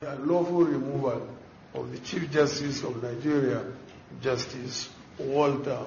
The lawful removal of the Chief Justice of Nigeria, Justice Walter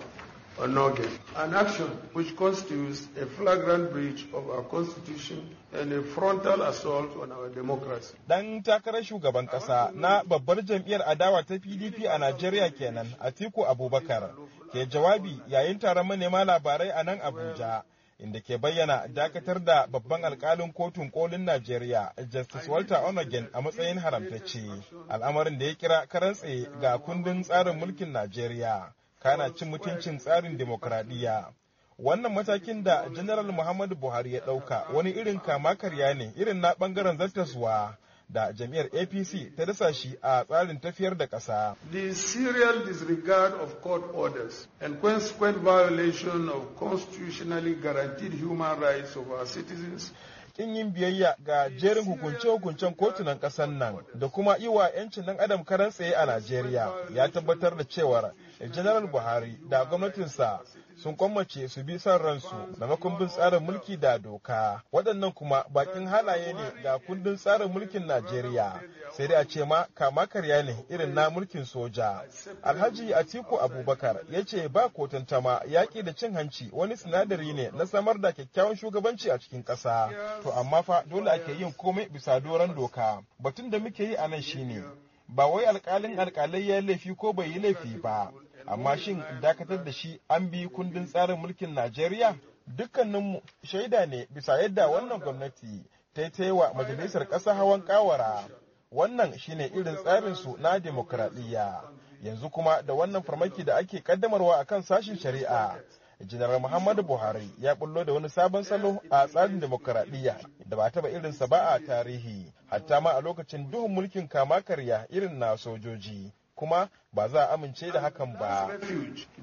Onoge, an action which constitutes a flagrant breach of our constitution and a frontal assault on our democracy. Dan takarar shugaban kasa na babbar jam'iyyar adawa ta PDP a Najeriya kenan, Atiku Abubakar, ke jawabi yayin taron manema labarai a nan Abuja. inda ke bayyana dakatar da babban alkalin kotun kolin Najeriya Justice Walter Onogen a matsayin haramtacce al'amarin da ya kira karantse ga kundin tsarin mulkin Najeriya kana cin mutuncin tsarin demokradiyya. Wannan matakin da General Muhammadu Buhari ya ɗauka wani irin kama karya ne irin na ɓangaren zartaswa da jam'iyyar apc ta dasa shi a tsarin tafiyar da ƙasa. the serial disregard of court orders and consequent violation of constitutionally guaranteed human rights of our citizens kin yin biyayya ga jerin hukunce-hukuncen kotunan ƙasar nan da kuma yi wa 'yancin ɗan adam karan tsaye a Najeriya ya tabbatar da cewar General Buhari da gwamnatinsa sun kwammace su bi son ransu maimakon makumbin tsarin mulki da doka waɗannan kuma bakin halaye ne ga kundin tsarin mulkin najeriya sai dai a ce ma kama karya ne irin na mulkin soja alhaji atiku abubakar ya ce ba kotuntama yaƙi da cin hanci wani sinadari ne na samar da kyakkyawan shugabanci a cikin ƙasa To amma fa dole ake yin komai bisa doron doka. Batun da muke yi anan nan shine ba wai alkalin alkalai ya laifi ko bai yi laifi ba. Amma shin dakatar da shi an bi kundin tsarin mulkin Najeriya? Dukkaninmu shaida ne bisa yadda wannan gwamnati ta yi wa majalisar ƙasa hawan kawara. Wannan shine irin tsarin su na demokradiyya. Yanzu kuma da wannan farmaki da ake kaddamarwa akan sashin shari'a janar muhammadu buhari ya bullo da wani sabon salo a tsarin demokaradiyya da ba taba irinsa ba a tarihi hatta ma a lokacin duhun mulkin kama karya irin na sojoji kuma ba za a amince da hakan ba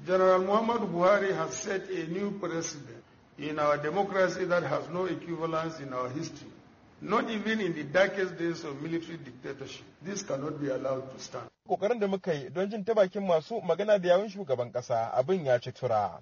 general muhammadu buhari has set a new precedent in our democracy that has no equivalence in our history not even in the darkest days of military dictatorship. This cannot be allowed to stand. Kokarin da muka yi don jin ta bakin masu magana da yawun shugaban kasa abin ya ci tura.